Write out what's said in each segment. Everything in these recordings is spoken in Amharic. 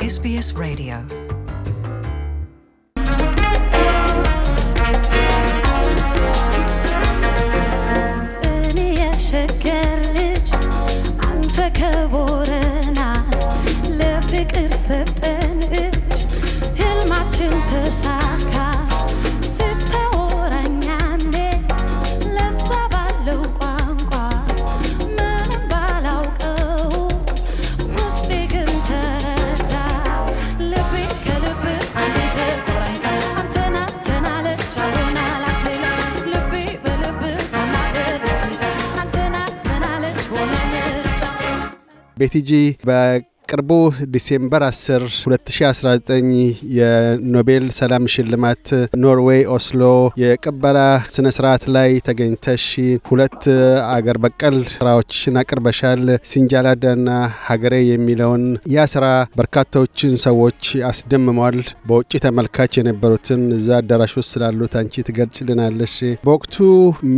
SBS Radio Betty G. Back. በቅርቡ ዲሴምበር 10 2019 የኖቤል ሰላም ሽልማት ኖርዌይ ኦስሎ የቀበላ ስነ ስርዓት ላይ ተገኝተሽ ሁለት አገር በቀል ስራዎችን አቅርበሻል። ሲንጃላዳና ሀገሬ የሚለውን ያ ስራ በርካታዎችን ሰዎች አስደምሟል። በውጭ ተመልካች የነበሩትን እዛ አዳራሽ ውስጥ ስላሉት አንቺ ትገልጭልናለሽ። በወቅቱ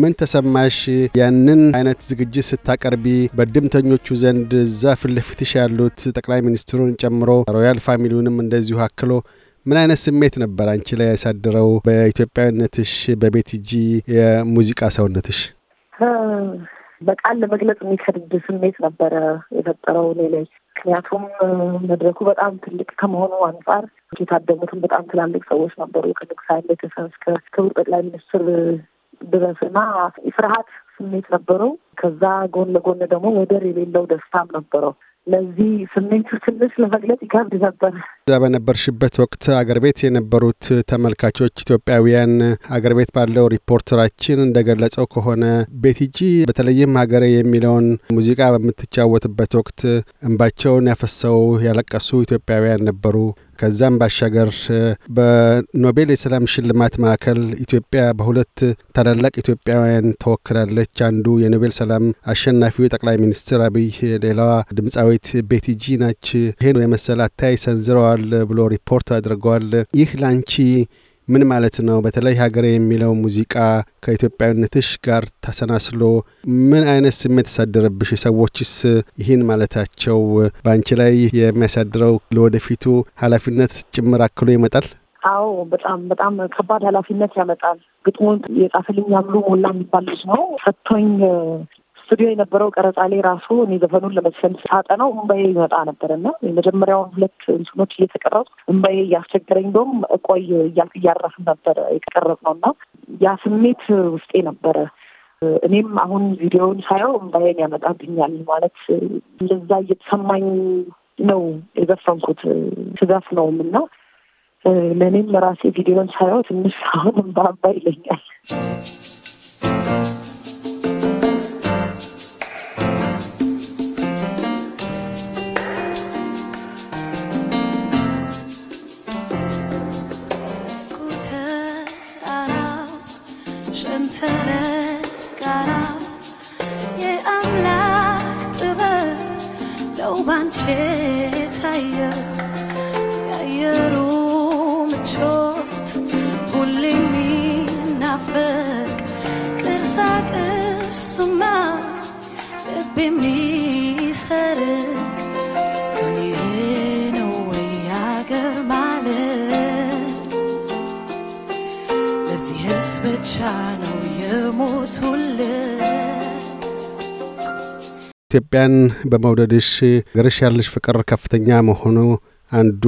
ምን ተሰማሽ? ያንን አይነት ዝግጅት ስታቀርቢ በድምተኞቹ ዘንድ እዛ ፊት ለፊትሽ ያሉት ጠቅላይ ሚኒስትሩን ጨምሮ ሮያል ፋሚሊውንም እንደዚሁ አክሎ ምን አይነት ስሜት ነበር አንቺ ላይ ያሳደረው? በኢትዮጵያዊነትሽ በቤት እጂ የሙዚቃ ሰውነትሽ በቃል ለመግለጽ የሚከብድ ስሜት ነበረ የፈጠረው እኔ ላይ። ምክንያቱም መድረኩ በጣም ትልቅ ከመሆኑ አንጻር የታደሙትም በጣም ትላልቅ ሰዎች ነበሩ። ከንጉሳዊ ቤተሰብ እስከ ክቡር ጠቅላይ ሚኒስትር ድረስ እና ፍርሃት ስሜት ነበረው። ከዛ ጎን ለጎን ደግሞ ወደር የሌለው ደስታም ነበረው። ለዚህ ስሜቱ ትንሽ ለመግለጽ ይከብድ ነበር። እዛ በነበርሽበት ወቅት አገር ቤት የነበሩት ተመልካቾች ኢትዮጵያውያን አገር ቤት ባለው ሪፖርተራችን እንደገለጸው ከሆነ ቤቲጂ በተለይም ሀገር የሚለውን ሙዚቃ በምትጫወትበት ወቅት እንባቸውን ያፈሰው ያለቀሱ ኢትዮጵያውያን ነበሩ። ከዛም ባሻገር በኖቤል የሰላም ሽልማት ማዕከል ኢትዮጵያ በሁለት ታላላቅ ኢትዮጵያውያን ተወክላለች። አንዱ የኖቤል ሰላም አሸናፊው ጠቅላይ ሚኒስትር አብይ፣ ሌላዋ ድምፃዊት ቤቲጂ ናች። ይህን የመሰል አታይ ሰንዝረዋል። አድርጓል ብሎ ሪፖርት አድርገዋል። ይህ ላንቺ ምን ማለት ነው? በተለይ ሀገሬ የሚለው ሙዚቃ ከኢትዮጵያዊነትሽ ጋር ተሰናስሎ ምን አይነት ስሜት ተሳደረብሽ? ሰዎችስ ይህን ማለታቸው በአንቺ ላይ የሚያሳድረው ለወደፊቱ ኃላፊነት ጭምር አክሎ ይመጣል? አዎ በጣም በጣም ከባድ ኃላፊነት ያመጣል። ግጥሙን የጻፈልኝ አምሉ ሞላ የሚባል ልጅ ነው። ፈቶኝ ስቱዲዮ የነበረው ቀረጻ ላይ ራሱ እኔ ዘፈኑን ለመዝፈን ሳጠነው እምባዬ ይመጣ ነበር እና የመጀመሪያውን ሁለት እንትኖች እየተቀረጹ እምባዬ እያስቸገረኝ እንደውም እቆይ እያልክ እያረፍን ነበር ነው እና ያ ስሜት ውስጤ ነበረ። እኔም አሁን ቪዲዮውን ሳየው እምባዬን ያመጣብኛል ማለት እንደዛ እየተሰማኝ ነው የዘፈንኩት ስዘፍ ነውም እና ለእኔም ራሴ ቪዲዮን ሳየው ትንሽ አሁን እምባ እምባ ይለኛል። ነው ኢትዮጵያን በመውደድሽ ገርሽ ያለሽ ፍቅር ከፍተኛ መሆኑ አንዱ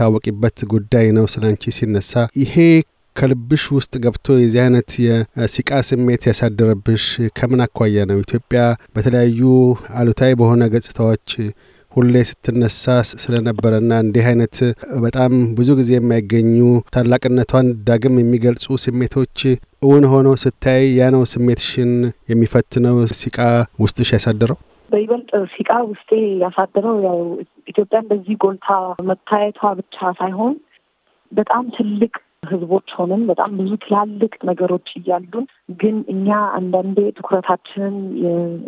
ታወቂበት ጉዳይ ነው። ስላንቺ ሲነሳ ይሄ ከልብሽ ውስጥ ገብቶ የዚህ አይነት የሲቃ ስሜት ያሳደረብሽ ከምን አኳያ ነው? ኢትዮጵያ በተለያዩ አሉታዊ በሆነ ገጽታዎች ሁሌ ስትነሳ ስለነበረና እንዲህ አይነት በጣም ብዙ ጊዜ የማይገኙ ታላቅነቷን ዳግም የሚገልጹ ስሜቶች እውን ሆኖ ስታይ ያ ነው ስሜትሽን የሚፈትነው ሲቃ ውስጥሽ ያሳደረው? በይበልጥ ሲቃ ውስጤ ያሳደረው ያው ኢትዮጵያን በዚህ ጎልታ መታየቷ ብቻ ሳይሆን በጣም ትልቅ ህዝቦች ሆነን በጣም ብዙ ትላልቅ ነገሮች እያሉን ግን እኛ አንዳንዴ ትኩረታችንን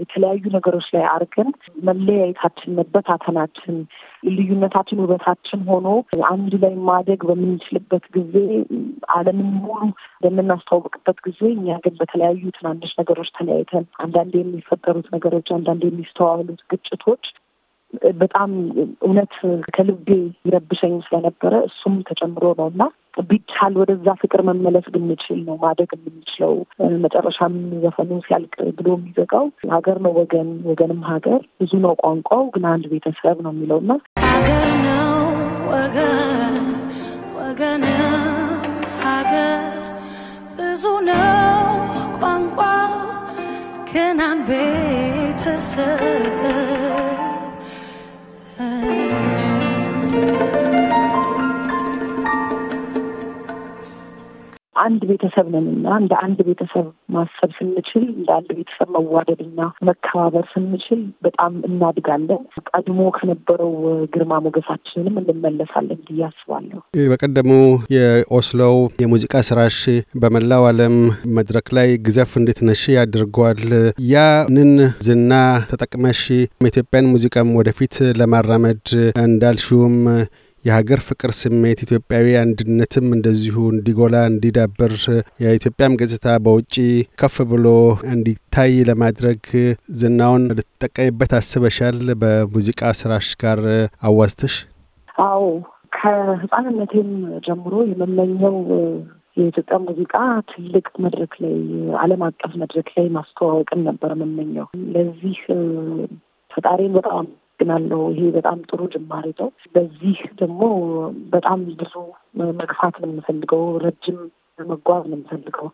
የተለያዩ ነገሮች ላይ አድርገን መለያየታችን፣ መበታተናችን፣ ልዩነታችን ውበታችን ሆኖ አንድ ላይ ማደግ በምንችልበት ጊዜ ዓለምን ሙሉ በምናስተዋወቅበት ጊዜ እኛ ግን በተለያዩ ትናንሽ ነገሮች ተለያይተን አንዳንዴ የሚፈጠሩት ነገሮች አንዳንዴ የሚስተዋሉት ግጭቶች በጣም እውነት ከልቤ ይረብሸኝ ስለነበረ እሱም ተጨምሮ ነው እና ቢቻል ወደዛ ፍቅር መመለስ ብንችል ነው ማደግ የምንችለው። መጨረሻም ዘፈኑ ሲያልቅ ብሎ የሚዘጋው ሀገር ነው ወገን፣ ወገንም ሀገር ብዙ ነው ቋንቋው፣ ግን አንድ ቤተሰብ ነው የሚለው እና ሀገር ነው ወገን፣ ሀገር ብዙ ነው ቋንቋው፣ ግን አንድ ቤተሰብ her አንድ ቤተሰብ እና እንደ አንድ ቤተሰብ ማሰብ ስንችል እንደ አንድ ቤተሰብ መዋደድና መከባበር ስንችል በጣም እናድጋለን። ቀድሞ ከነበረው ግርማ ሞገሳችንንም እንመለሳለን ብዬ አስባለሁ። በቀደሙ የኦስሎው የሙዚቃ ስራሽ በመላው ዓለም መድረክ ላይ ግዘፍ እንዴት ነሽ ያድርጓል። ያንን ዝና ተጠቅመሽ ኢትዮጵያን ሙዚቃም ወደፊት ለማራመድ እንዳልሽውም የሀገር ፍቅር ስሜት ኢትዮጵያዊ አንድነትም እንደዚሁ እንዲጎላ እንዲዳብር የኢትዮጵያም ገጽታ በውጭ ከፍ ብሎ እንዲታይ ለማድረግ ዝናውን ልትጠቀሚበት አስበሻል? በሙዚቃ ስራሽ ጋር አዋዝተሽ? አዎ፣ ከህፃንነቴም ጀምሮ የመመኘው የኢትዮጵያ ሙዚቃ ትልቅ መድረክ ላይ አለም አቀፍ መድረክ ላይ ማስተዋወቅን ነበር የምመኘው። ለዚህ ፈጣሪን በጣም አመሰግናለሁ። ይሄ በጣም ጥሩ ጅማሬ ነው። በዚህ ደግሞ በጣም ብዙ መግፋት ነው የምፈልገው፣ ረጅም መጓዝ ነው የምፈልገው።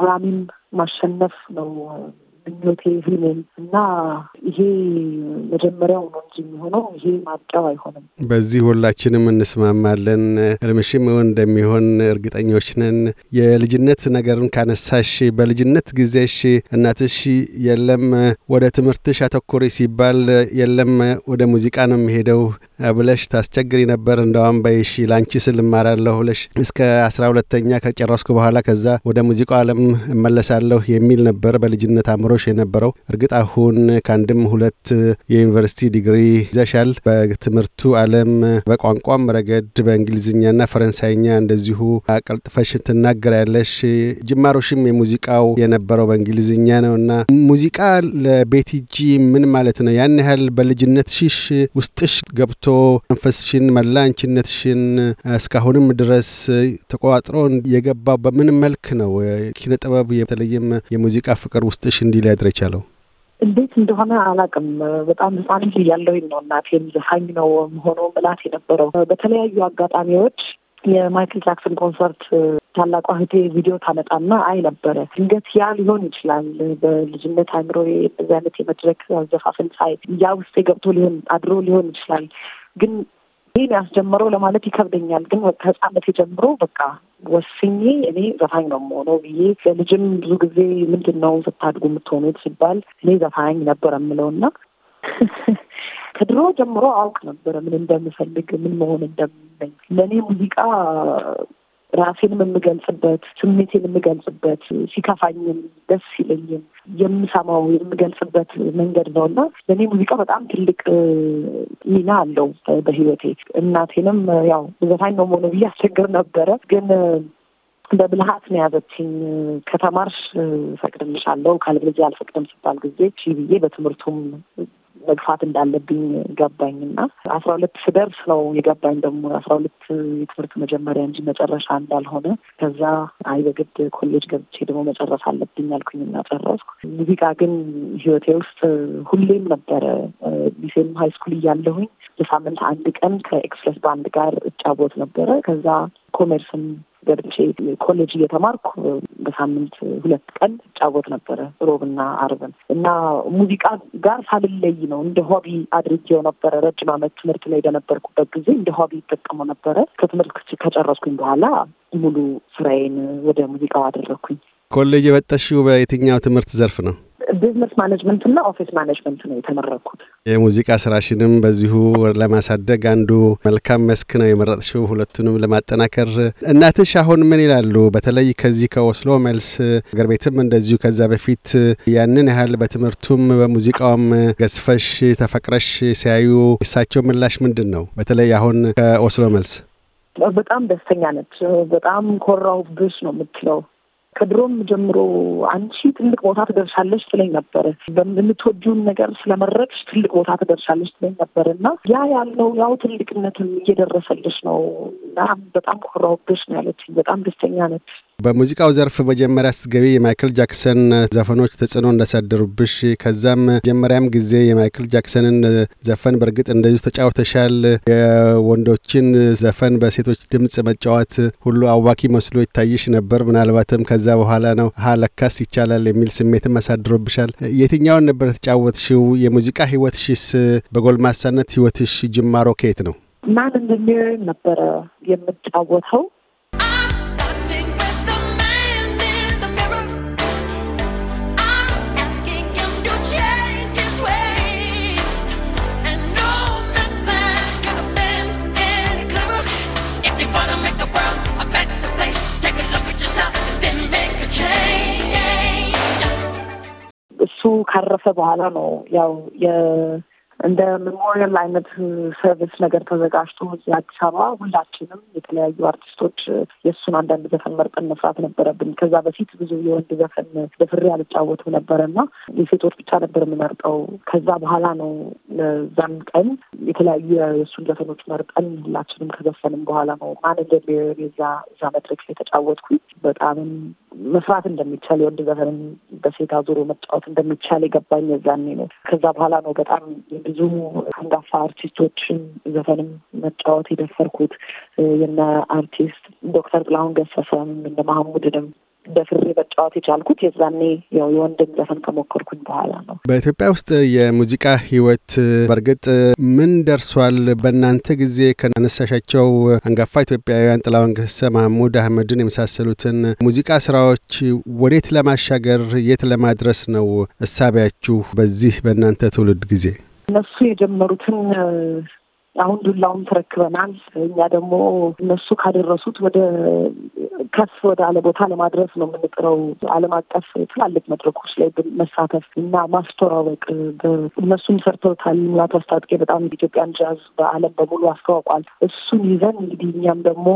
ግራሚም ማሸነፍ ነው ምኞቴ ይሄ እና ይሄ መጀመሪያው ነው እንጂ የሚሆነው ይሄ ማብቂያው አይሆንም። በዚህ ሁላችንም እንስማማለን። ህልምሽም እውን እንደሚሆን እርግጠኞች ነን። የልጅነት ነገርን ካነሳሽ በልጅነት ጊዜሽ እናትሽ የለም ወደ ትምህርትሽ አተኩሪ ሲባል የለም ወደ ሙዚቃ ነው የሚሄደው ብለሽ ታስቸግሪ ነበር። እንደውም በይሺ ላንቺ ስል እማራለሁ ብለሽ እስከ አስራ ሁለተኛ ከጨረስኩ በኋላ ከዛ ወደ ሙዚቃው ዓለም እመለሳለሁ የሚል ነበር በልጅነት አእምሮሽ የነበረው። እርግጥ አሁን ከአንድም ሁለት የዩኒቨርሲቲ ዲግሪ ይዘሻል። በትምህርቱ ዓለም በቋንቋም ረገድ በእንግሊዝኛና ፈረንሳይኛ እንደዚሁ አቀልጥፈሽ ትናገሪያለሽ። ጅማሮሽም የሙዚቃው የነበረው በእንግሊዝኛ ነው እና ሙዚቃ ለቤቲጂ ምን ማለት ነው? ያን ያህል በልጅነት ሽሽ ውስጥሽ ገብቶ መንፈስሽን መላ አንቺነትሽን እስካሁንም ድረስ ተቆጣጥሮ የገባው በምን መልክ ነው? ኪነ ጥበብ በተለይም የሙዚቃ ፍቅር ውስጥሽ እንዲህ ሊያድር የቻለው? እንዴት እንደሆነ አላውቅም። በጣም ህጻን ልጅ እያለሁኝ ነው እናቴም ዘፋኝ ነው ሆኖ ምላት የነበረው በተለያዩ አጋጣሚዎች የማይክል ጃክሰን ኮንሰርት ታላቋ እህቴ ቪዲዮ ታመጣና አይ ነበረ። ድንገት ያ ሊሆን ይችላል በልጅነት አይምሮ በዚህ አይነት የመድረክ አዘፋፍን ሳይ ያ ውስጤ ገብቶ ሊሆን አድሮ ሊሆን ይችላል። ግን ይህን ያስጀምረው ለማለት ይከብደኛል። ግን ከህፃነት ጀምሮ በቃ ወስኜ እኔ ዘፋኝ ነው የምሆነው ብዬ ለልጅም ብዙ ጊዜ ምንድን ነው ስታድጉ የምትሆኑት ሲባል እኔ ዘፋኝ ነበር የምለውና ከድሮ ጀምሮ አውቅ ነበረ ምን እንደምፈልግ ምን መሆን እንደምመኝ። ለእኔ ሙዚቃ ራሴን የምገልጽበት፣ ስሜቴን የምገልጽበት፣ ሲከፋኝም ደስ ሲለኝም የምሰማው የምገልጽበት መንገድ ነው እና ለእኔ ሙዚቃ በጣም ትልቅ ሚና አለው በህይወቴ። እናቴንም ያው ዘፋኝ ነው መሆነ ብዬ አስቸግር ነበረ ግን በብልሃት ነው ያዘችኝ። ከተማርሽ እፈቅድልሻለሁ፣ ካልብልጃ አልፈቅድም ስባል ጊዜ ሺ ብዬ በትምህርቱም መግፋት እንዳለብኝ ገባኝ እና አስራ ሁለት ስደርስ ነው የገባኝ ደግሞ አስራ ሁለት የትምህርት መጀመሪያ እንጂ መጨረሻ እንዳልሆነ። ከዛ አይ በግድ ኮሌጅ ገብቼ ደግሞ መጨረስ አለብኝ አልኩኝ እና ጨረስኩ። ሙዚቃ ግን ህይወቴ ውስጥ ሁሌም ነበረ። ሊሴም ሀይ ስኩል እያለሁኝ በሳምንት አንድ ቀን ከኤክስፕሬስ ባንድ ጋር እጫወት ነበረ። ከዛ ኮሜርስም ገብቼ ኮሌጅ እየተማርኩ በሳምንት ሁለት ቀን እጫወት ነበረ ሮብና አርብን እና ሙዚቃ ጋር ሳልለይ ነው እንደ ሆቢ አድርጌው ነበረ። ረጅም ዓመት ትምህርት ላይ በነበርኩበት ጊዜ እንደ ሆቢ ይጠቀመው ነበረ። ከትምህርት ከጨረስኩኝ በኋላ ሙሉ ስራዬን ወደ ሙዚቃው አደረግኩኝ። ኮሌጅ የበጠሽው በየትኛው ትምህርት ዘርፍ ነው? ቢዝነስ ማኔጅመንትና ኦፊስ ማኔጅመንት ነው የተመረኩት። የሙዚቃ ስራሽንም በዚሁ ለማሳደግ አንዱ መልካም መስክ ነው የመረጥሽው፣ ሁለቱንም ለማጠናከር። እናትሽ አሁን ምን ይላሉ? በተለይ ከዚህ ከኦስሎ መልስ አገር ቤትም እንደዚሁ ከዛ በፊት ያንን ያህል በትምህርቱም በሙዚቃውም ገዝፈሽ ተፈቅረሽ ሲያዩ የሳቸው ምላሽ ምንድን ነው? በተለይ አሁን ከኦስሎ መልስ በጣም ደስተኛ ነች። በጣም ኮራሁብሽ ነው የምትለው ከድሮም ጀምሮ አንቺ ትልቅ ቦታ ትደርሻለች ትለኝ ነበር። የምትወጂውን ነገር ስለመረቅሽ ትልቅ ቦታ ትደርሻለች ትለኝ ነበር እና ያ ያለው ያው ትልቅነትም እየደረሰልሽ ነው እና በጣም ኮራውብሽ ነው ያለችኝ። በጣም ደስተኛ ነች። በሙዚቃው ዘርፍ መጀመሪያ ስትገቢ የማይክል ጃክሰን ዘፈኖች ተጽዕኖ እንዳሳደሩብሽ ከዛም መጀመሪያም ጊዜ የማይክል ጃክሰንን ዘፈን በእርግጥ እንደዚሁ ተጫውተሻል። የወንዶችን ዘፈን በሴቶች ድምፅ መጫወት ሁሉ አዋኪ መስሎ ይታይሽ ነበር። ምናልባትም ከዛ በኋላ ነው ሀ ለካስ ይቻላል የሚል ስሜትም አሳድሮብሻል። የትኛውን ነበር ተጫወትሽው? የሙዚቃ ህይወትሽስ በጎልማሳነት ህይወትሽ ጅማሮ ከየት ነው? ማን እንደሚያየኝ ነበረ የምጫወተው እሱ ካረፈ በኋላ ነው ያው እንደ ሜሞሪያል አይነት ሰርቪስ ነገር ተዘጋጅቶ እዚህ አዲስ አበባ ሁላችንም የተለያዩ አርቲስቶች የእሱን አንዳንድ ዘፈን መርጠን መስራት ነበረብን። ከዛ በፊት ብዙ የወንድ ዘፈን በፍሬ አልጫወትም ነበረ እና የሴቶች ብቻ ነበር የምመርጠው። ከዛ በኋላ ነው ለዛን ቀን የተለያዩ የእሱን ዘፈኖች መርጠን ሁላችንም ከዘፈንም በኋላ ነው ማን እንደዛ እዛ መድረክ ላይ ተጫወትኩኝ። በጣምም መስራት እንደሚቻል የወንድ ዘፈንን በሴት አዙሮ መጫወት እንደሚቻል የገባኝ የዛኔ ነው። ከዛ በኋላ ነው በጣም ብዙ አንጋፋ አርቲስቶችን ዘፈንም መጫወት የደፈርኩት የነ አርቲስት ዶክተር ጥላሁን ገሰሰም እንደ መሐሙድንም ደፍሬ መጫወት የቻልኩት የዛኔ ያው የወንድም ዘፈን ከሞከርኩኝ በኋላ ነው። በኢትዮጵያ ውስጥ የሙዚቃ ህይወት በእርግጥ ምን ደርሷል? በእናንተ ጊዜ ከነሳሻቸው አንጋፋ ኢትዮጵያውያን ጥላሁን ገሰሰ፣ መሐሙድ አህመድን የመሳሰሉትን ሙዚቃ ስራዎች ወዴት ለማሻገር የት ለማድረስ ነው እሳቢያችሁ በዚህ በእናንተ ትውልድ ጊዜ እነሱ የጀመሩትን አሁን ዱላውን ተረክበናል። እኛ ደግሞ እነሱ ካደረሱት ወደ ከፍ ወደ አለ ቦታ ለማድረስ ነው የምንጥረው። ዓለም አቀፍ ትላልቅ መድረኮች ላይ መሳተፍ እና ማስተዋወቅ እነሱም ሰርተውታል። ሙላቱ አስታጥቄ በጣም ኢትዮጵያን ጃዝ በዓለም በሙሉ አስተዋውቋል። እሱን ይዘን እንግዲህ እኛም ደግሞ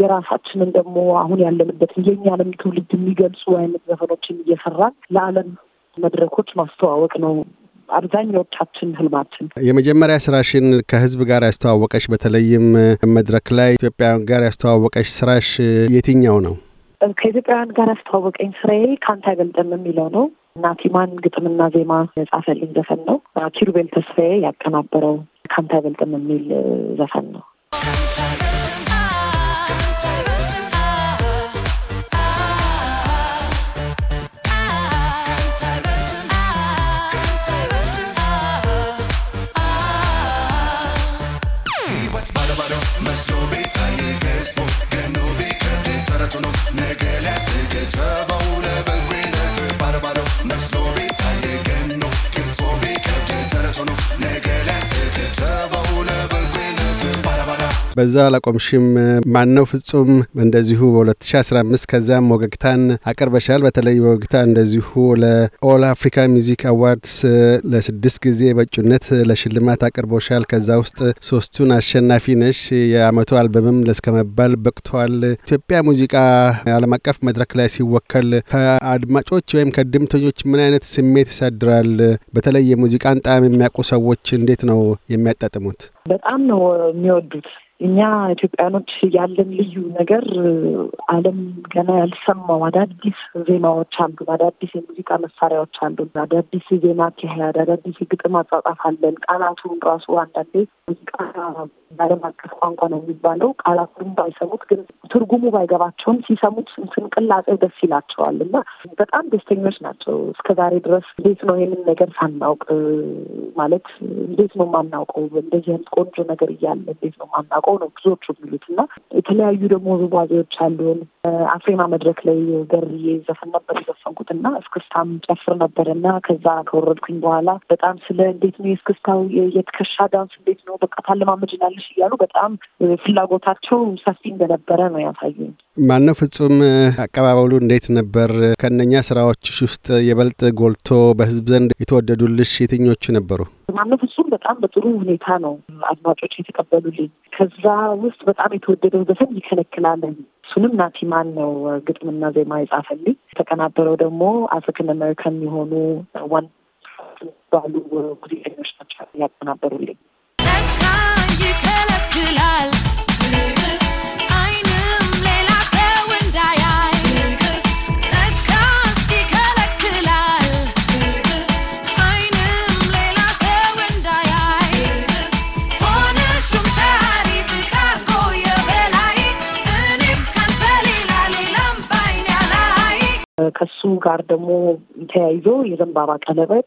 የራሳችንን ደግሞ አሁን ያለንበትን የእኛንም ትውልድ የሚገልጹ አይነት ዘፈኖችን እየሰራን ለዓለም መድረኮች ማስተዋወቅ ነው አብዛኛው ወጣችን ህልማችን። የመጀመሪያ ስራሽን ከህዝብ ጋር ያስተዋወቀች በተለይም መድረክ ላይ ኢትዮጵያውያን ጋር ያስተዋወቀች ስራሽ የትኛው ነው? ከኢትዮጵያውያን ጋር ያስተዋወቀኝ ስራዬ ከአንተ አይበልጥም የሚለው ነው። ናቲማን ግጥምና ዜማ የጻፈልኝ ዘፈን ነው። ኪሩቤል ተስፋዬ ያቀናበረው ከአንተ አይበልጥም የሚል ዘፈን ነው። determined. በዛ አላቆምሽም። ማነው ፍጹም እንደዚሁ በ2015 ከዚያም ወገግታን አቅርበሻል። በተለይ በወገግታ እንደዚሁ ለኦል አፍሪካ ሚዚክ አዋርድስ ለስድስት ጊዜ በእጩነት ለሽልማት አቅርቦሻል። ከዛ ውስጥ ሶስቱን አሸናፊ ነሽ። የአመቱ አልበምም ለስከመባል በቅቷል። ኢትዮጵያ ሙዚቃ ዓለም አቀፍ መድረክ ላይ ሲወከል ከአድማጮች ወይም ከድምተኞች ምን አይነት ስሜት ይሳድራል? በተለይ የሙዚቃን ጣዕም የሚያውቁ ሰዎች እንዴት ነው የሚያጣጥሙት? በጣም ነው የሚወዱት። እኛ ኢትዮጵያኖች ያለን ልዩ ነገር ዓለም ገና ያልሰማው አዳዲስ ዜማዎች አሉ፣ አዳዲስ የሙዚቃ መሳሪያዎች አሉ፣ አዳዲስ ዜማ አካሄድ፣ አዳዲስ የግጥም አጻጻፍ አለን። ቃላቱን ራሱ አንዳንዴ ሙዚቃ ዓለም አቀፍ ቋንቋ ነው የሚባለው። ቃላቱን ባይሰሙት ግን ትርጉሙ ባይገባቸውም ሲሰሙት ስንቅላጼው ደስ ይላቸዋል እና በጣም ደስተኞች ናቸው። እስከዛሬ ድረስ እንዴት ነው ይህንን ነገር ሳናውቅ ማለት እንዴት ነው የማናውቀው? እንደዚህ አይነት ቆንጆ ነገር እያለ እንዴት ነው የማናውቀው አውቀው ነው ብዙዎቹ የሚሉት እና የተለያዩ ደግሞ ውዝዋዜዎች አሉን። አፍሬማ መድረክ ላይ ገርዬ ዘፈን ነበር የዘፈንኩት እና እስክስታም ጨፍር ነበር እና ከዛ ከወረድኩኝ በኋላ በጣም ስለ እንዴት ነው የእስክስታው የትከሻ ዳንስ እንዴት ነው በቃ ታለማመጅናለሽ እያሉ በጣም ፍላጎታቸው ሰፊ እንደነበረ ነው ያሳዩኝ። ማነ ፍጹም አቀባበሉ እንዴት ነበር? ከነኛ ስራዎች ውስጥ የበልጥ ጎልቶ በህዝብ ዘንድ የተወደዱልሽ የትኞቹ ነበሩ? ማነው ፍጹም በጣም በጥሩ ሁኔታ ነው አድማጮች የተቀበሉልኝ። ከዛ ውስጥ በጣም የተወደደው ዘፈን ይከለክላለን እሱንም ናቲማን ነው ግጥምና ዜማ የጻፈልኝ። የተቀናበረው ደግሞ አፍሪካን አሜሪካን የሆኑ ባሉ ሙዚቀኞች ናቸው ያቀናበሩልኝ። ጋር ደግሞ ተያይዞ የዘንባባ ቀለበት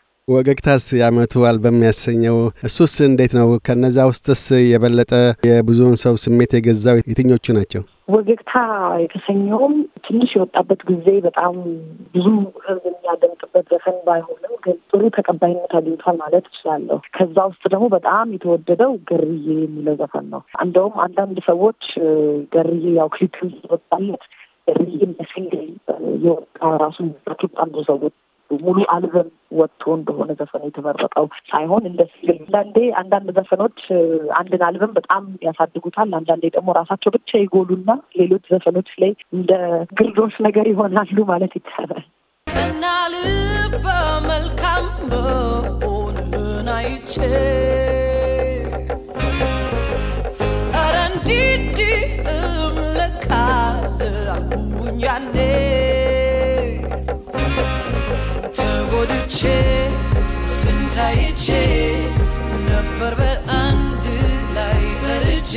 ወገግታስ የአመቱ አልበም ያሰኘው እሱስ እንዴት ነው? ከነዛ ውስጥስ የበለጠ የብዙውን ሰው ስሜት የገዛው የትኞቹ ናቸው? ወገግታ የተሰኘውም ትንሽ የወጣበት ጊዜ በጣም ብዙ ሕዝብ የሚያደምጥበት ዘፈን ባይሆንም ግን ጥሩ ተቀባይነት አግኝቷል ማለት እችላለሁ። ከዛ ውስጥ ደግሞ በጣም የተወደደው ገርዬ የሚለው ዘፈን ነው። እንደውም አንዳንድ ሰዎች ገርዬ ያው ክሊፕ ወጣለት ገርዬ ሲንግል የወጣ ራሱ ቱ ብዙ ሰዎች ሙሉ አልበም ወጥቶ እንደሆነ ዘፈኑ የተመረጠው ሳይሆን እንደ አንዳንዴ አንዳንድ ዘፈኖች አንድን አልበም በጣም ያሳድጉታል። አንዳንዴ ደግሞ ራሳቸው ብቻ ይጎሉና ሌሎች ዘፈኖች ላይ እንደ ግርዶሽ ነገር ይሆናሉ ማለት ይቻላል። እና ልበ መልካም በሆንህን አይቼ ኧረ እንዲህ እንዲህም አልኩኝ ያኔ አይቼ ስንት ነበር በአንድ ላይ በርቼ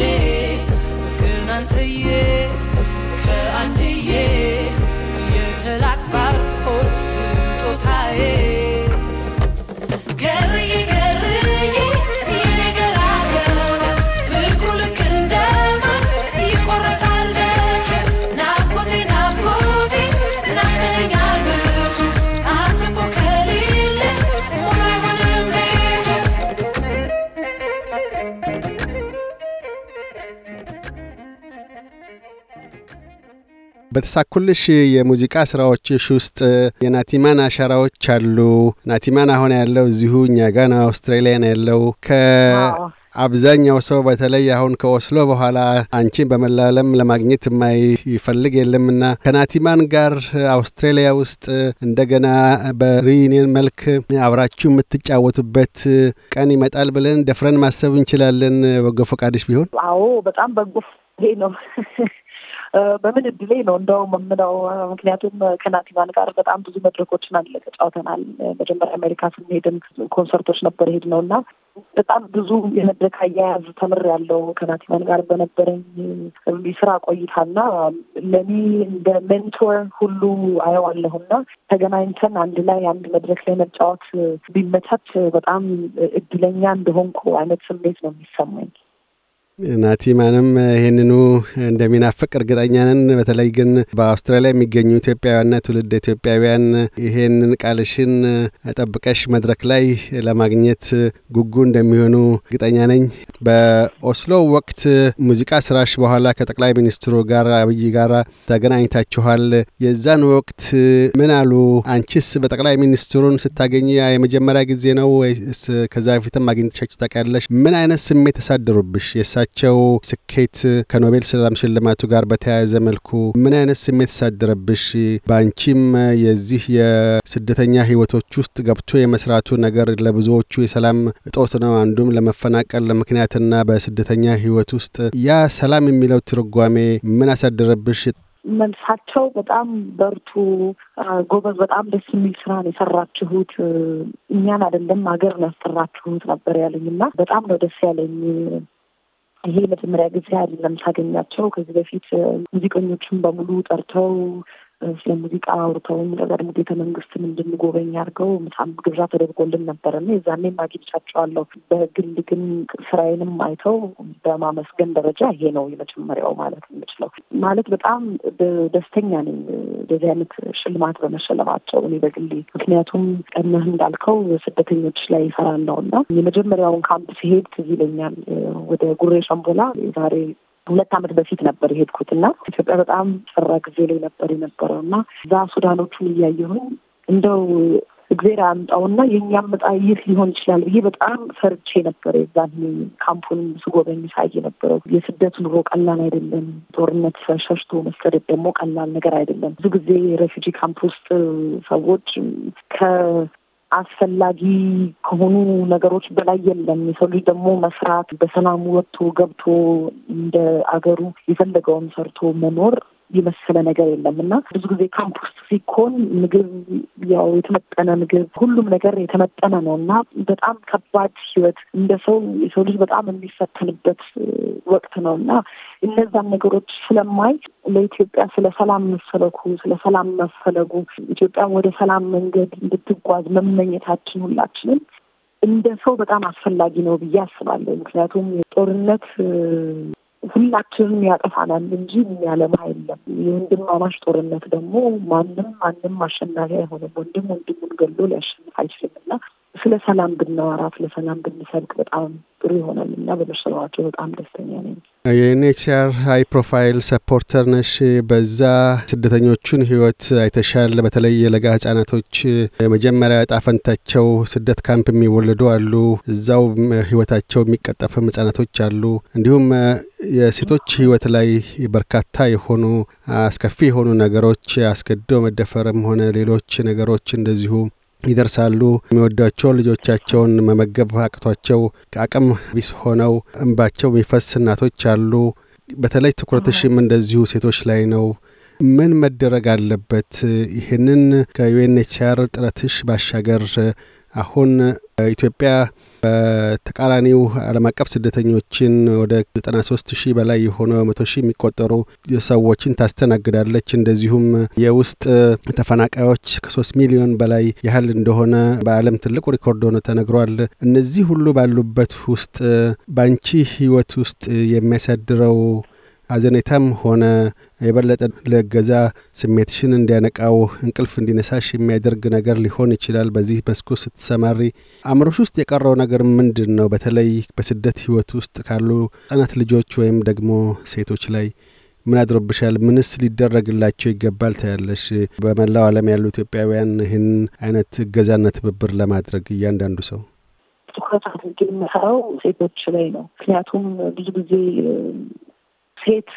በተሳኩልሽ የሙዚቃ ስራዎችሽ ውስጥ የናቲማን አሻራዎች አሉ። ናቲማን አሁን ያለው እዚሁ እኛ ጋር ነው፣ አውስትራሊያ ነው ያለው። ከአብዛኛው ሰው በተለይ አሁን ከኦስሎ በኋላ አንቺን በመላለም ለማግኘት የማይፈልግ የለምና ከናቲማን ጋር አውስትራሊያ ውስጥ እንደገና በሪዩኒየን መልክ አብራችሁ የምትጫወቱበት ቀን ይመጣል ብለን ደፍረን ማሰብ እንችላለን። በጎ ፈቃድሽ ቢሆን አዎ፣ በጣም በጎ ነው። በምን እድሌ ነው እንደው የምለው። ምክንያቱም ከናቲቫን ጋር በጣም ብዙ መድረኮችን አለ ተጫውተናል። መጀመሪያ አሜሪካ ስንሄድን ኮንሰርቶች ነበር ሄድ ነው እና በጣም ብዙ የመድረክ አያያዝ ተምር ያለው ከናቲቫን ጋር በነበረኝ ስራ ቆይታና ለኔ እንደ ሜንቶር ሁሉ አየዋለሁ እና ተገናኝተን አንድ ላይ አንድ መድረክ ላይ መጫወት ቢመቻች በጣም እድለኛ እንደሆንኩ አይነት ስሜት ነው የሚሰማኝ። ናቲማንም ይህንኑ እንደሚናፍቅ እርግጠኛ ነን። በተለይ ግን በአውስትራሊያ የሚገኙ ኢትዮጵያውያንና ትውልድ ኢትዮጵያውያን ይሄንን ቃልሽን ጠብቀሽ መድረክ ላይ ለማግኘት ጉጉ እንደሚሆኑ እርግጠኛ ነኝ። በኦስሎ ወቅት ሙዚቃ ስራሽ በኋላ ከጠቅላይ ሚኒስትሩ ጋር አብይ ጋር ተገናኝታችኋል። የዛን ወቅት ምን አሉ? አንቺስ በጠቅላይ ሚኒስትሩን ስታገኝ የመጀመሪያ ጊዜ ነው ወይስ ከዛ በፊትም አግኝተሻችሁ ታውቂያለሽ? ምን አይነት ስሜት ተሳድሩብሽ የሳ የነበራቸው ስኬት ከኖቤል ሰላም ሽልማቱ ጋር በተያያዘ መልኩ ምን አይነት ስሜት ሳደረብሽ? በአንቺም የዚህ የስደተኛ ህይወቶች ውስጥ ገብቶ የመስራቱ ነገር ለብዙዎቹ የሰላም እጦት ነው፣ አንዱም ለመፈናቀል ምክንያትና በስደተኛ ህይወት ውስጥ ያ ሰላም የሚለው ትርጓሜ ምን አሳደረብሽ? መልሳቸው በጣም በርቱ፣ ጎበዝ፣ በጣም ደስ የሚል ስራ ነው የሰራችሁት፣ እኛን አይደለም ሀገር ነው ያሰራችሁት ነበር ያለኝ እና በጣም ነው ደስ ያለኝ። ይሄ መጀመሪያ ጊዜ አይደለም ሳገኛቸው። ከዚህ በፊት ሙዚቀኞቹን በሙሉ ጠርተው ስለ ሙዚቃ አውርተውም ደግሞ ቤተ መንግስትም እንድንጎበኝ አድርገው በጣም ግብዣ ተደርጎልን ነበር እና የዛኔም አግኝቻቸዋለሁ። በግል ግን ስራዬንም አይተው በማመስገን ደረጃ ይሄ ነው የመጀመሪያው ማለት የምችለው። ማለት በጣም ደስተኛ ነኝ እንደዚህ አይነት ሽልማት በመሸለማቸው እኔ በግሌ። ምክንያቱም ቀነህ እንዳልከው ስደተኞች ላይ ይሰራል ነው እና የመጀመሪያውን ካምፕ ሲሄድ ትዝ ይለኛል ወደ ጉሬ ሸምቦላ የዛሬ ሁለት ዓመት በፊት ነበር የሄድኩት እና ኢትዮጵያ በጣም ጸራ ጊዜ ላይ ነበር የነበረው እና እዛ ሱዳኖቹን እያየሁኝ እንደው እግዜር አምጣውና የእኛም መጣ ይህ ሊሆን ይችላል ብዬ በጣም ፈርቼ ነበር። የዛን ካምፑን ስጎበኝ ሳይ ነበረው የስደት ኑሮ ቀላል አይደለም። ጦርነት ሸሽቶ መሰደድ ደግሞ ቀላል ነገር አይደለም። ብዙ ጊዜ የሬፊጂ ካምፕ ውስጥ ሰዎች ከ አስፈላጊ ከሆኑ ነገሮች በላይ የለም። የሰው ልጅ ደግሞ መስራት፣ በሰላም ወጥቶ ገብቶ እንደ አገሩ የፈለገውን ሰርቶ መኖር የመሰለ ነገር የለም እና ብዙ ጊዜ ካምፕ ውስጥ ሲኮን ምግብ ያው የተመጠነ ምግብ፣ ሁሉም ነገር የተመጠነ ነው እና በጣም ከባድ ህይወት እንደ ሰው የሰው ልጅ በጣም የሚፈተንበት ወቅት ነው እና እነዛን ነገሮች ስለማይ ለኢትዮጵያ ስለ ሰላም መሰለኩ ስለ ሰላም መፈለጉ ኢትዮጵያ ወደ ሰላም መንገድ እንድትጓዝ መመኘታችን ሁላችንም እንደ ሰው በጣም አስፈላጊ ነው ብዬ አስባለሁ። ምክንያቱም ጦርነት ሁላችንም ያጠፋናል እንጂ የሚያለማ የለም። የወንድማማች ጦርነት ደግሞ ማንም ማንም አሸናፊ አይሆንም። ወንድም ወንድሙን ገሎ ሊያሸንፍ አይችልም እና ስለ ሰላም ብናወራ ስለ ሰላም ብንሰብቅ በጣም ጥሩ ይሆናል እና በመሸለማቸው በጣም ደስተኛ ነኝ። የኔቸር ሀይ ፕሮፋይል ሰፖርተር ነሽ። በዛ ስደተኞቹን ህይወት አይተሻል። በተለይ የለጋ ህጻናቶች የመጀመሪያ ጣፈንታቸው ስደት ካምፕ የሚወለዱ አሉ፣ እዛው ህይወታቸው የሚቀጠፍም ህጻናቶች አሉ። እንዲሁም የሴቶች ህይወት ላይ በርካታ የሆኑ አስከፊ የሆኑ ነገሮች አስገድዶ መደፈርም ሆነ ሌሎች ነገሮች እንደዚሁ ይደርሳሉ። የሚወዷቸው ልጆቻቸውን መመገብ አቅቷቸው አቅም ቢስ ሆነው እንባቸው የሚፈስ እናቶች አሉ። በተለይ ትኩረትሽም እንደዚሁ ሴቶች ላይ ነው። ምን መደረግ አለበት? ይህንን ከዩኤንኤችሲአር ጥረትሽ ባሻገር አሁን ኢትዮጵያ በተቃራኒው ዓለም አቀፍ ስደተኞችን ወደ 93 ሺህ በላይ የሆነ መቶ ሺህ የሚቆጠሩ ሰዎችን ታስተናግዳለች። እንደዚሁም የውስጥ ተፈናቃዮች ከሶስት ሚሊዮን በላይ ያህል እንደሆነ በዓለም ትልቁ ሪኮርድ ሆነ ተነግሯል። እነዚህ ሁሉ ባሉበት ውስጥ በአንቺ ህይወት ውስጥ የሚያሳድረው አዘኔታም ሆነ የበለጠ ለገዛ ስሜትሽን እንዲያነቃው እንቅልፍ እንዲነሳሽ የሚያደርግ ነገር ሊሆን ይችላል። በዚህ መስኩ ስትሰማሪ አእምሮሽ ውስጥ የቀረው ነገር ምንድን ነው? በተለይ በስደት ህይወት ውስጥ ካሉ ህጻናት ልጆች ወይም ደግሞ ሴቶች ላይ ምን አድሮብሻል? ምንስ ሊደረግላቸው ይገባል ታያለሽ? በመላው ዓለም ያሉ ኢትዮጵያውያን ይህን አይነት እገዛና ትብብር ለማድረግ እያንዳንዱ ሰው ትኩረት አድርጌ የምሰራው ሴቶች ላይ ነው። ምክንያቱም ብዙ ጊዜ ሴት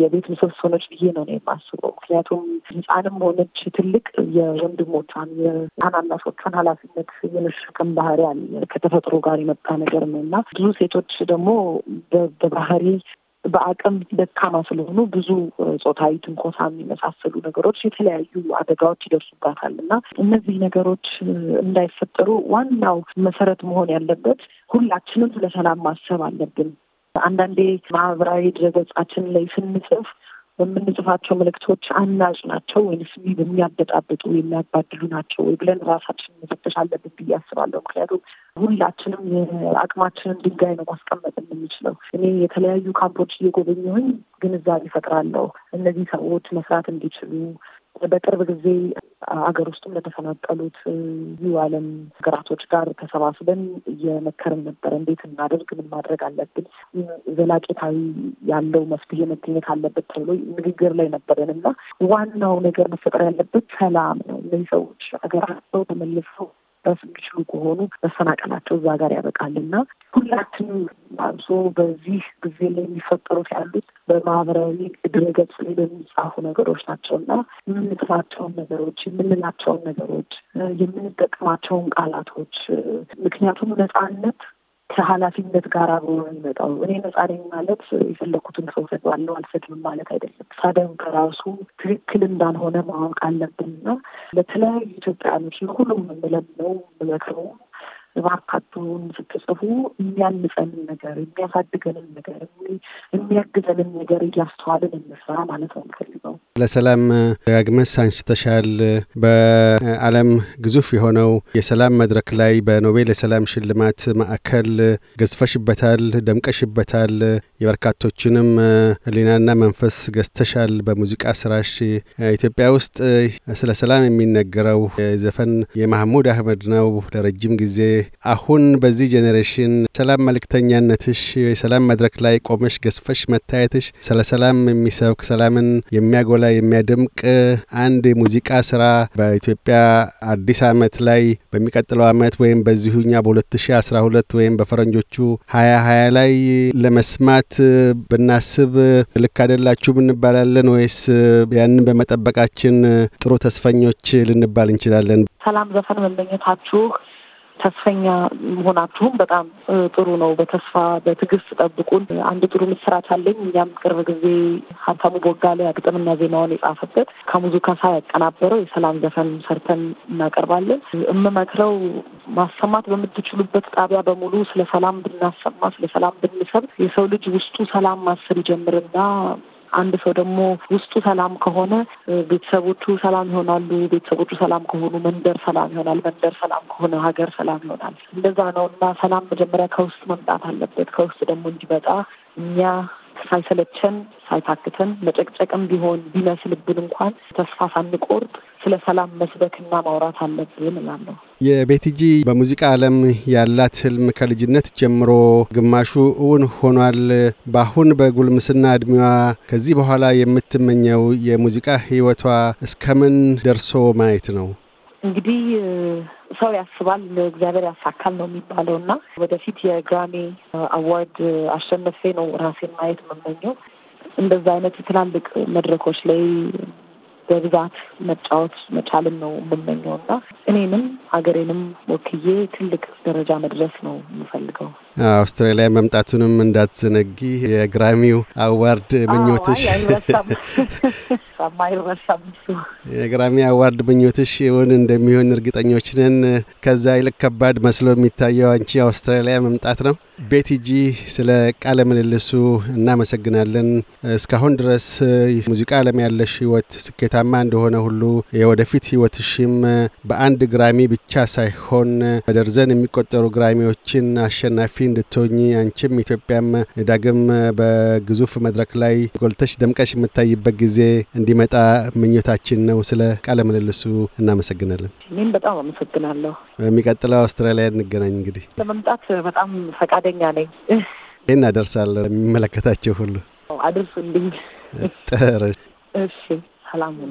የቤት ምሰሶ ነች ብዬ ነው የማስበው። ምክንያቱም ህፃንም ሆነች ትልቅ የወንድሞቿን የታናናሾቿን ኃላፊነት የመሸከም ባህሪ አለ። ከተፈጥሮ ጋር የመጣ ነገር ነው እና ብዙ ሴቶች ደግሞ በባህሪ በአቅም ደካማ ስለሆኑ ብዙ ፆታዊ ትንኮሳ የሚመሳሰሉ ነገሮች የተለያዩ አደጋዎች ይደርሱባታል እና እነዚህ ነገሮች እንዳይፈጠሩ ዋናው መሰረት መሆን ያለበት ሁላችንም ስለሰላም ማሰብ አለብን። አንዳንዴ ማህበራዊ ድረገጻችን ላይ ስንጽፍ በምንጽፋቸው መልእክቶች አናጭ ናቸው ወይንስ የሚያበጣብጡ የሚያባድሉ ናቸው ወይ ብለን ራሳችን መፈተሽ አለብን ብዬ አስባለሁ። ምክንያቱም ሁላችንም አቅማችንን ድንጋይ ነው ማስቀመጥ የምንችለው። እኔ የተለያዩ ካምፖች እየጎበኘሁኝ ግንዛቤ ይፈጥራለሁ። እነዚህ ሰዎች መስራት እንዲችሉ በቅርብ ጊዜ አገር ውስጥም ለተፈናቀሉት የዓለም ሀገራቶች ጋር ተሰባስበን እየመከርን ነበር። እንዴት እናደርግ፣ ምን ማድረግ አለብን፣ ዘላቄታዊ ያለው መፍትሄ መገኘት አለበት ተብሎ ንግግር ላይ ነበረን እና ዋናው ነገር መፈጠር ያለበት ሰላም ነው። እነዚህ ሰዎች ሀገራቸው ተመልሰው ራስ የሚችሉ ከሆኑ መፈናቀላቸው እዛ ጋር እና ሁላችንም አብሶ በዚህ ጊዜ ላይ የሚፈጠሩት ያሉት በማህበራዊ ድረገጽ ላይ በሚጻፉ ነገሮች ናቸው እና የምንጽፋቸውን ነገሮች፣ የምንላቸውን ነገሮች፣ የምንጠቀማቸውን ቃላቶች ምክንያቱም ነጻነት ከኃላፊነት ጋር አብሮ ነው የሚመጣው። እኔ ነጻ ነኝ ማለት የፈለግኩትን ሰው ሰድባለሁ አልሰድብም ማለት አይደለም። ሳደም ከራሱ ትክክል እንዳልሆነ ማወቅ አለብንና ለተለያዩ ኢትዮጵያኖች ለሁሉም የምለምነው የምመክረው እባካችሁን ስትጽፉ የሚያንጸንን ነገር የሚያሳድገንን ነገር የሚያግዘንን ነገር እያስተዋልን እንስራ ማለት ነው የምፈልገው። ለሰላም ደጋግመሽ አንስተሻል። በዓለም ግዙፍ የሆነው የሰላም መድረክ ላይ በኖቤል የሰላም ሽልማት ማዕከል ገዝፈሽበታል፣ ደምቀሽበታል። የበርካቶችንም ሕሊናና መንፈስ ገዝተሻል በሙዚቃ ስራሽ። ኢትዮጵያ ውስጥ ስለ ሰላም የሚነገረው ዘፈን የማህሙድ አህመድ ነው ለረጅም ጊዜ አሁን በዚህ ጄኔሬሽን ሰላም መልእክተኛነትሽ የሰላም መድረክ ላይ ቆመሽ ገዝፈሽ መታየትሽ ስለ ሰላም የሚሰብክ ሰላምን የሚያጎላ የሚያደምቅ አንድ የሙዚቃ ስራ በኢትዮጵያ አዲስ አመት ላይ በሚቀጥለው አመት ወይም በዚሁኛ በ2012 ወይም በፈረንጆቹ 2020 ላይ ለመስማት ብናስብ ልክ አይደላችሁም እንባላለን ወይስ ያንን በመጠበቃችን ጥሩ ተስፈኞች ልንባል እንችላለን? ሰላም ዘፈን መመኘታችሁ ተስፈኛ መሆናችሁም በጣም ጥሩ ነው። በተስፋ በትዕግስት ጠብቁን። አንድ ጥሩ ምስራት አለኝ። እኛም ቅርብ ጊዜ ሀብታሙ ቦጋለ ግጥምና ዜማውን የጻፈበት ከሙዙ ከሳ ያቀናበረው የሰላም ዘፈን ሰርተን እናቀርባለን። እምመክረው ማሰማት በምትችሉበት ጣቢያ በሙሉ ስለ ሰላም ብናሰማ፣ ስለ ሰላም ብንሰብ የሰው ልጅ ውስጡ ሰላም ማሰብ ይጀምርና አንድ ሰው ደግሞ ውስጡ ሰላም ከሆነ ቤተሰቦቹ ሰላም ይሆናሉ። ቤተሰቦቹ ሰላም ከሆኑ መንደር ሰላም ይሆናል። መንደር ሰላም ከሆነ ሀገር ሰላም ይሆናል። እንደዛ ነው እና ሰላም መጀመሪያ ከውስጥ መምጣት አለበት። ከውስጥ ደግሞ እንዲመጣ እኛ ሳይሰለቸን ሳይታክተን መጨቅጨቅም ቢሆን ቢመስልብን እንኳን ተስፋ ሳንቆርጥ ስለ ሰላም መስበክና ማውራት አለብን እላለሁ። የቤቲጂ በሙዚቃ ዓለም ያላት ህልም ከልጅነት ጀምሮ ግማሹ እውን ሆኗል። በአሁን በጉልምስና እድሜዋ ከዚህ በኋላ የምትመኘው የሙዚቃ ህይወቷ እስከምን ደርሶ ማየት ነው? እንግዲህ ሰው ያስባል እግዚአብሔር ያሳካል ነው የሚባለው እና ወደፊት የግራሚ አዋርድ አሸነፌ ነው ራሴን ማየት የምመኘው። እንደዛ አይነት ትላልቅ መድረኮች ላይ በብዛት መጫወት መቻልን ነው የምመኘው እና እኔንም ሀገሬንም ወክዬ ትልቅ ደረጃ መድረስ ነው የምፈልገው። አውስትራሊያ መምጣቱንም እንዳትዘነጊ። የግራሚው አዋርድ ምኞትሽ ማይረሳም የግራሚ አዋርድ ምኞትሽ ይሁን እንደሚሆን እርግጠኞች ነን። ከዛ ይልቅ ከባድ መስሎ የሚታየው አንቺ አውስትራሊያ መምጣት ነው። ቤቲጂ ስለ ቃለ ምልልሱ እናመሰግናለን። እስካሁን ድረስ ሙዚቃ ዓለም ያለሽ ህይወት ስኬታማ እንደሆነ ሁሉ የወደፊት ህይወትሽም በአንድ ግራሚ ብቻ ሳይሆን በደርዘን የሚቆጠሩ ግራሚዎችን አሸናፊ እንድትሆኝ አንቺም ኢትዮጵያም ዳግም በግዙፍ መድረክ ላይ ጎልተሽ ደምቀሽ የምታይበት ጊዜ እንዲመጣ ምኞታችን ነው። ስለ ቃለ ምልልሱ እናመሰግናለን። እኔም በጣም አመሰግናለሁ። በሚቀጥለው አውስትራሊያ እንገናኝ። እንግዲህ ለመምጣት በጣም ፈቃደ ጓደኛ ነኝ። ይህን አደርሳለሁ የሚመለከታቸው ሁሉ አድርሱልኝ። ጥር እሺ፣ ሰላም ሁኑ።